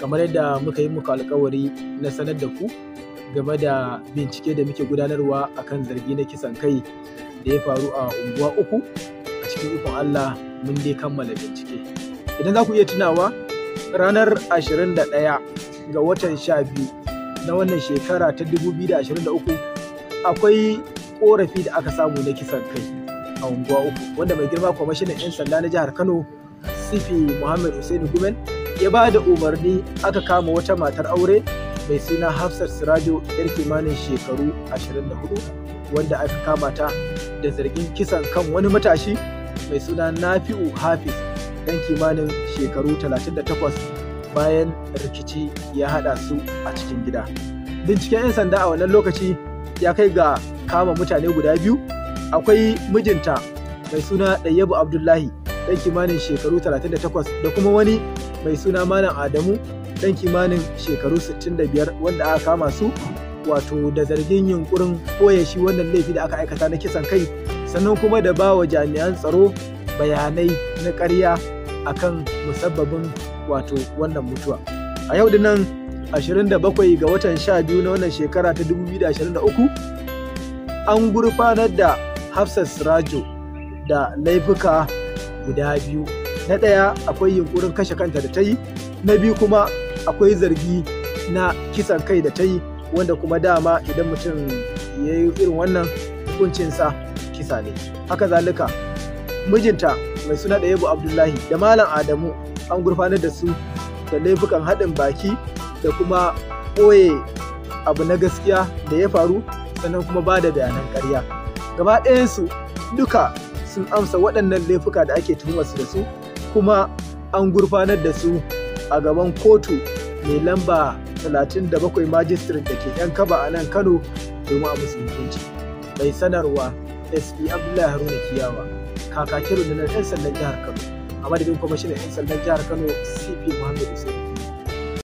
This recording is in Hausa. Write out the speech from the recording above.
kamar yadda muka yi muku alkawari na sanar da ku game da bincike da muke gudanarwa a kan zargi na kisan kai da ya faru a unguwa uku a cikin ikon Allah mun dai kammala bincike idan za ku iya tunawa ranar 21 ga watan 12 na wannan shekara ta 2023 akwai korafi da aka samu na kisan kai a unguwa uku wanda mai girma kwamashinan 'yan sanda na jihar kano sifi muhammad hussein gumen ya ba da umarni aka kama wata matar aure mai suna Hafsat Sirajo yar kimanin shekaru 24 wanda aka kama ta da zargin kisan kan wani matashi mai suna Nafi'u Hafiz dan kimanin shekaru 38 bayan rikici ya hada su a cikin gida. Binciken 'yan sanda a wannan lokaci ya kai ga kama mutane guda biyu akwai mijinta mai suna Ɗayyabu Abdullahi ɗan kimanin shekaru 38 da kuma wani mai suna malam adamu dan kimanin shekaru 65 wanda aka kama su wato da zargin yunkurin koya shi wannan laifi da aka aikata na kisan kai sannan kuma da ba wa jami'an tsaro bayanai na ƙarya akan musabbabin wato wannan mutuwa a yau dinan 27 ga watan 12 na wannan shekara ta 2023 an gurfanar da hafsat rajo da laifuka guda biyu na ɗaya akwai yunkurin kashe kanta da ta yi na biyu kuma akwai zargi na kisan kai da ta yi wanda kuma dama idan mutum ya yi irin wannan hukuncinsa kisa ne haka zalika mijinta mai suna da yabo abdullahi da malam adamu an gurfanar da su da laifukan haɗin baki da kuma ɓoye abu na gaskiya da ya faru sannan kuma ba da bayanan ƙarya gaba ɗayansu duka sun amsa waɗannan laifuka da ake tuhumarsu da su kuma an gurfanar da su a gaban kotu mai lamba 37 magistrate da ke yan kaba a nan kano domin a musu hukunci mai sanarwa sp abdullahi haruna kiyawa kakakin rundunar 'yan sandan jihar kano a madadin kwamishinan 'yan sandan jihar kano cp Muhammadu hussein